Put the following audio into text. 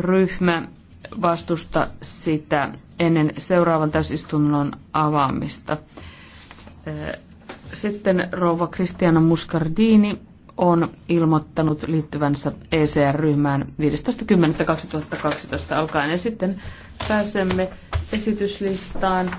ryhmä vastusta sitä ennen seuraavan täysistunnon avaamista. Sitten rouva Kristiana Muscardini on ilmoittanut liittyvänsä ECR-ryhmään 15.10.2012 alkaen. Ja sitten pääsemme esityslistaan.